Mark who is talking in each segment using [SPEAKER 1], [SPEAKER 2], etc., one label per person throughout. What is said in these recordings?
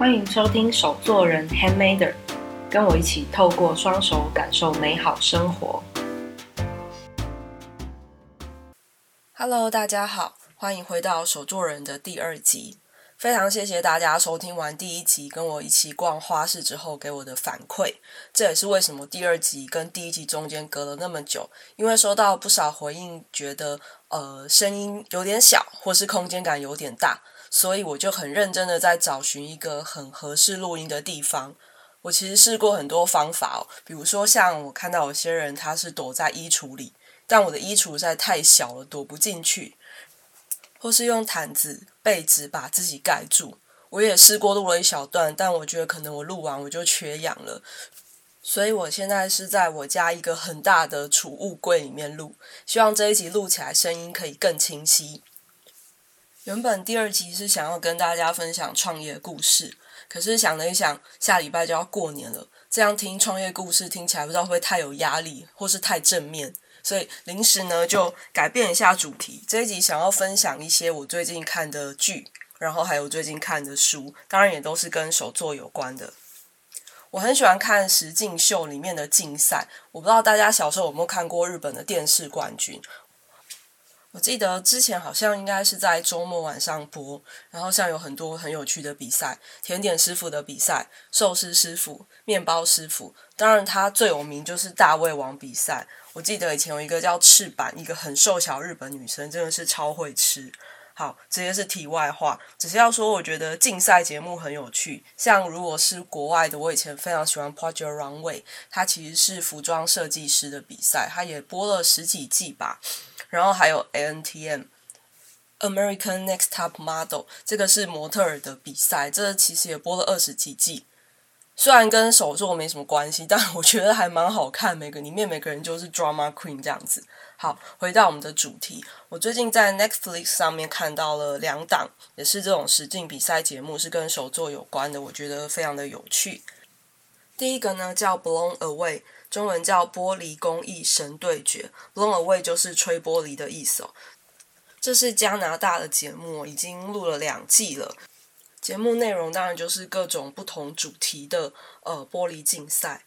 [SPEAKER 1] 歡迎收聽手作人 Handmaker，跟我一起透過雙手感受美好生活。Hello，大家好，歡迎回到手作人的第二集。非常謝謝大家收聽完第一集，跟我一起逛花市之後給我的反饋，這也是為什麼第二集跟第一集中間隔了那麼久，因為收到不少回應，覺得呃聲音有點小，或是空間感有點大。所以我就很認真的在找尋一個很合適錄音的地方。我其實試過很多方法哦，比如說像我看到有些人他是躲在衣櫥裡，但我的衣櫥實在太小了，躲不進去。或是用毯子、被子把自己蓋住。我也試過錄了一小段，但我覺得可能我錄完我就缺氧了。所以我現在是在我家一個很大的儲物櫃裡面錄，希望這一集錄起來聲音可以更清晰。原本第二集是想要跟大家分享創業故事，可是想了一想，下禮拜就要過年了，這樣聽創業故事聽起來不知道會不會太有壓力，或是太正面，所以臨時呢就改變一下主題。這一集想要分享一些我最近看的劇，然後還有最近看的書，當然也都是跟手作有關的。我很喜歡看實境秀裡面的競賽，我不知道大家小時候有沒有看過日本的電視冠軍？我記得之前好像應該是在周末晚上播，然後像有很多很有趣的比賽，甜點師傅的比賽、壽司師傅、麵包師傅，當然它最有名就是大胃王比賽。我記得以前有一個叫赤坂，一個很瘦小日本女生，真的是超會吃。好，這些是題外話，只是要說，我覺得競賽節目很有趣。像如果是國外的，我以前非常喜歡 Project Runway，它其實是服裝設計師的比賽，它也播了十幾季吧。然後還有 A N T M，American Next Top Model，這個是模特兒的比賽，這個其實也播了二十幾季。雖然跟手作沒什麼關係，但我覺得還蠻好看。每個裡面每個人就是 drama queen 這樣子。好，回到我們的主題，我最近在 Netflix 上面看到了兩檔，也是這種實境比賽節目，是跟手作有關的，我覺得非常的有趣。第一個呢叫 Blown Away，中文叫玻璃工藝神對決，Blown Away 就是吹玻璃的意思哦。這是加拿大的節目，已經錄了兩季了。節目內容當然就是各種不同主題的呃玻璃競賽。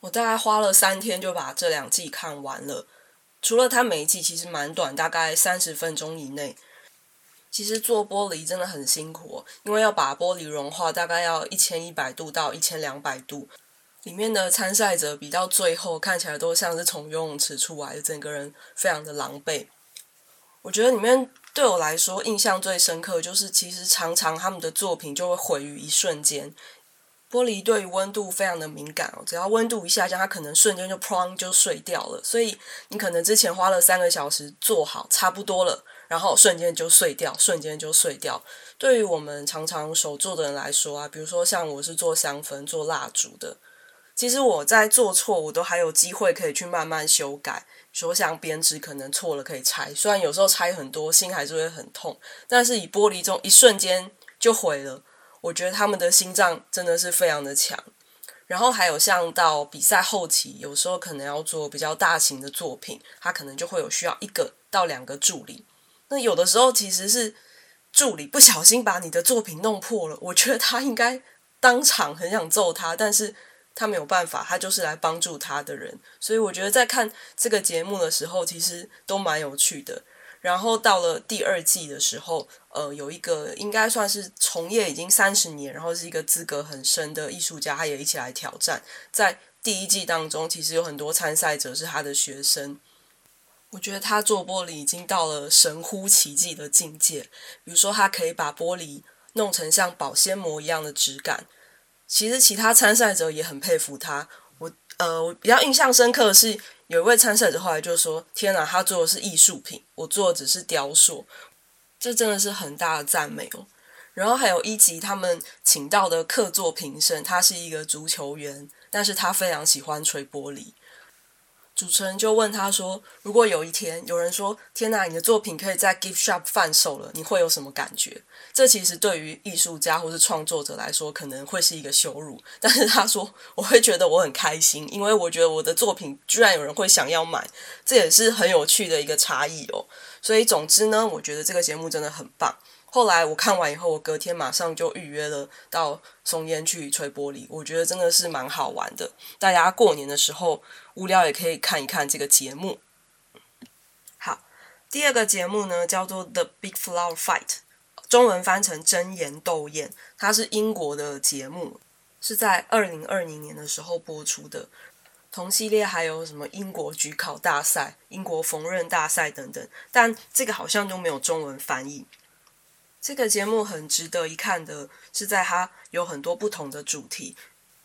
[SPEAKER 1] 我大概花了三天就把這兩季看完了。除了它每一季其實蠻短，大概三十分鐘以內。其實做玻璃真的很辛苦哦，因為要把玻璃融化，大概要一千一百度到一千兩百度。裡面的參賽者比到最後看起來都像是從游泳池出來的，整個人非常的狼狽。我覺得裡面。對我來說，印象最深刻就是，其實常常他們的作品就會毀於一瞬間。玻璃對於溫度非常的敏感，哦，只要溫度一下降，它可能瞬間就砰就碎掉了。所以你可能之前花了三個小時做好差不多了，然後瞬間就碎掉，瞬間就碎掉。對於我們常常手作的人來說啊，比如說像我是做香氛、做蠟燭的。其實我在做錯，我都還有機會可以去慢慢修改。所以像編織可能錯了可以拆，雖然有時候拆很多心還是會很痛，但是以玻璃中一瞬間就毀了，我覺得他們的心臟真的是非常的強。然後還有像到比賽後期，有時候可能要做比較大型的作品，他可能就會有需要一個到兩個助理。那有的時候其實是助理不小心把你的作品弄破了，我覺得他應該當場很想揍他，但是。他沒有辦法，他就是來幫助他的人，所以我覺得在看這個節目的時候，其實都蠻有趣的。然後到了第二季的時候，呃，有一個應該算是從業已經三十年，然後是一個資格很深的藝術家，他也一起來挑戰。在第一季當中，其實有很多參賽者是他的學生。我覺得他做玻璃已經到了神乎其技的境界，比如說他可以把玻璃弄成像保鮮膜一樣的質感。其實其他參賽者也很佩服他。我呃，我比較印象深刻的是，有一位參賽者後來就說：“天哪，他做的是藝術品，我做的只是雕塑。”這真的是很大的讚美哦。然後還有一集他們請到的客座評審，他是一個足球員，但是他非常喜歡吹玻璃。主持人就問他說：“如果有一天有人說‘天吶，你的作品可以在 gift shop 販售了’，你會有什麼感覺？”這其實對於藝術家或是創作者來說，可能會是一個羞辱。但是他說：“我會覺得我很開心，因為我覺得我的作品居然有人會想要買，這也是很有趣的一個差異哦。”所以，總之呢，我覺得這個節目真的很棒。後來我看完以後，我隔天馬上就預約了到松菸去吹玻璃，我覺得真的是蠻好玩的。大家過年的時候無聊也可以看一看這個節目。好，第二個節目呢，叫做《The Big Flower Fight》，中文翻成“爭妍鬥豔”，它是英國的節目，是在二零二零年的時候播出的。同系列還有什麼英國舉考大賽、英國縫紉大賽等等，但這個好像都沒有中文翻譯。這個節目很值得一看的，是在它有很多不同的主題。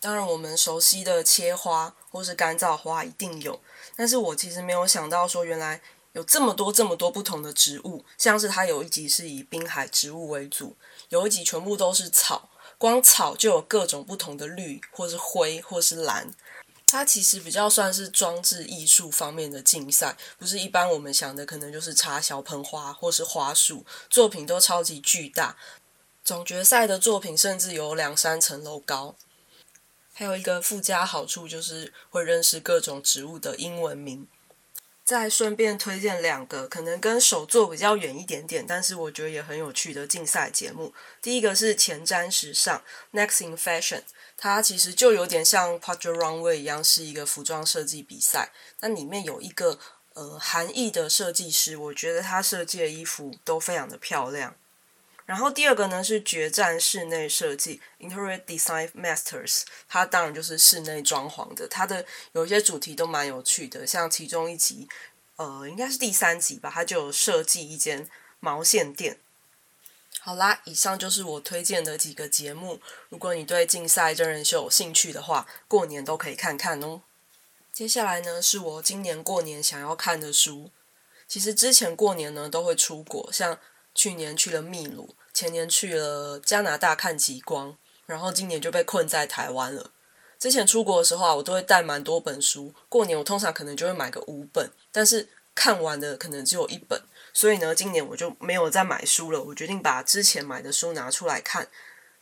[SPEAKER 1] 當然，我們熟悉的切花或是乾燥花一定有，但是我其實沒有想到說，原來有這麼多這麼多不同的植物。像是它有一集是以濱海植物為主，有一集全部都是草，光草就有各種不同的綠，或是灰，或是藍。它其實比較算是裝置藝術方面的競賽，不是一般我們想的，可能就是插小盆花或是花束。作品都超級巨大，總決賽的作品甚至有兩三層樓高。還有一個附加好處就是會認識各種植物的英文名。再順便推薦兩個可能跟手作比較遠一點點，但是我覺得也很有趣的競賽節目。第一個是前瞻時尚 （Next in Fashion）。它其實就有點像 Project Runway 一樣，是一個服裝設計比賽。那裡面有一個呃韓裔的設計師，我覺得他設計的衣服都非常的漂亮。然後第二個呢是決戰室內設計 （Interior Design Masters），它當然就是室內裝潢的。它的有一些主題都蠻有趣的，像其中一集呃應該是第三集吧，它就有設計一間毛線店。好啦，以上就是我推薦的幾個節目。如果你對競賽真人秀有興趣的話，過年都可以看看哦。接下來呢，是我今年過年想要看的書。其實之前過年呢，都會出國，像去年去了秘魯，前年去了加拿大看極光，然後今年就被困在台灣了。之前出國的時候啊，我都會帶蠻多本書。過年我通常可能就會買個五本，但是，看完的可能只有一本，所以呢，今年我就沒有再買書了。我決定把之前買的書拿出來看。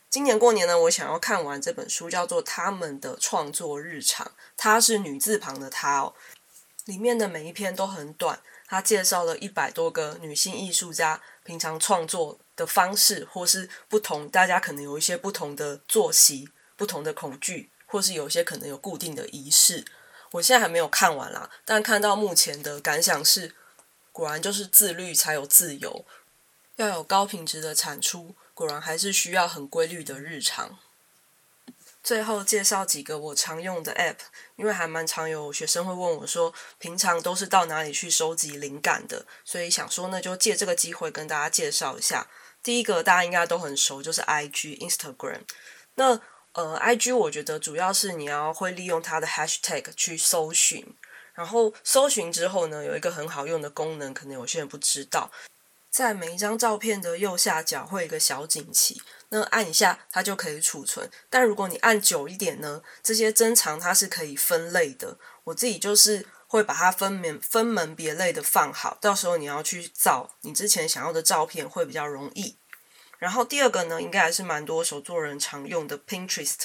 [SPEAKER 1] 今年過年呢，我想要看完這本書，叫做《她們的創作日常》，它是女字旁的“她”哦。裡面的每一篇都很短，它介紹了一百多個女性藝術家平常創作的方式，或是不同，大家可能有一些不同的作息、不同的恐懼，或是有一些可能有固定的儀式。我現在還沒有看完啦、啊，但看到目前的感想是，果然就是自律才有自由，要有高品質的產出，果然還是需要很規律的日常。最後介紹幾個我常用的 App，因為還蠻常有學生會問我說，平常都是到哪裡去收集靈感的，所以想說呢，就借這個機會跟大家介紹一下。第一個大家應該都很熟，就是 IG Instagram，那。呃，IG 我覺得主要是你要會利用它的 hashtag 去搜尋，然後搜尋之後呢，有一個很好用的功能，可能有些人不知道，在每一張照片的右下角會有一個小錦旗，那按一下它就可以儲存。但如果你按久一點呢，這些珍藏它是可以分類的。我自己就是會把它分門分門別類的放好，到時候你要去找你之前想要的照片會比較容易。然後第二個呢，應該還是蠻多手作人常用的 Pinterest，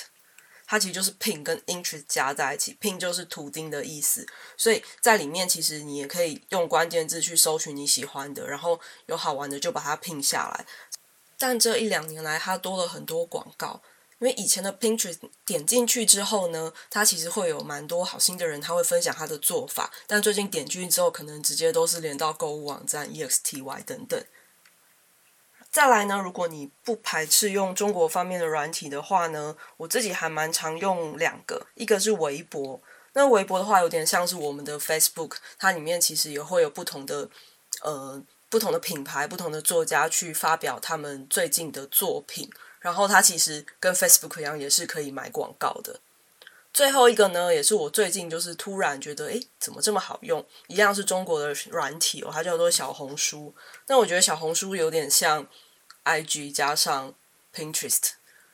[SPEAKER 1] 它其實就是 Pin 跟 Interest 加在一起，Pin 就是圖釘的意思，所以在裡面其實你也可以用關鍵字去搜尋你喜歡的，然後有好玩的就把它 Pin 下來。但這一兩年來，它多了很多廣告，因為以前的 Pinterest 點進去之後呢，它其實會有蠻多好心的人，他會分享他的做法。但最近點進去之後，可能直接都是連到購物網站、EXTY 等等。再來呢，如果你不排斥用中國方面的軟體的話呢，我自己還蠻常用兩個，一個是微博。那微博的話，有點像是我們的 Facebook，它裡面其實也會有不同的呃不同的品牌、不同的作家去發表他們最近的作品，然後它其實跟 Facebook 一樣，也是可以買廣告的。最後一個呢，也是我最近就是突然覺得，哎、欸，怎麼這麼好用？一樣是中國的軟體哦，它叫做小紅書。那我覺得小紅書有點像 IG 加上 Pinterest，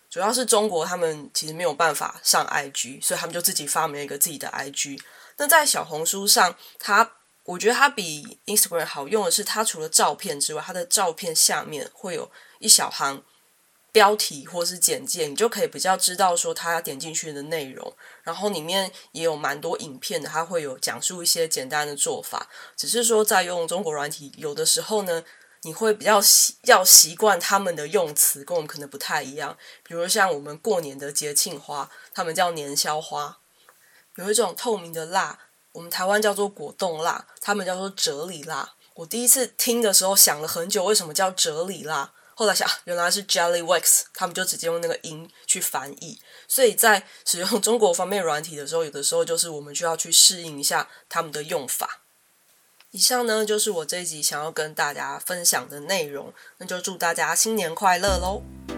[SPEAKER 1] 主要是中國他們其實沒有辦法上 IG，所以他們就自己發明了一個自己的 IG。那在小紅書上，它我覺得它比 Instagram 好用的是，它除了照片之外，它的照片下面會有一小行。標題或是簡介，你就可以比較知道說他要點進去的內容。然後裡面也有蠻多影片的，它會有講述一些簡單的做法。只是說在用中國軟體，有的時候呢，你會比較習要習慣他們的用詞跟我們可能不太一樣。比如像我們過年的節慶花，他們叫年宵花。有一種透明的蠟，我們台灣叫做果凍蠟，他們叫做啫喱蠟。我第一次聽的時候想了很久，為什麼叫啫喱蠟？後來想，原來是 Jelly Wax，他們就直接用那個音去翻譯。所以在使用中國方面軟體的時候，有的時候就是我們需要去適應一下他們的用法。以上呢，就是我這一集想要跟大家分享的內容。那就祝大家新年快樂嘍！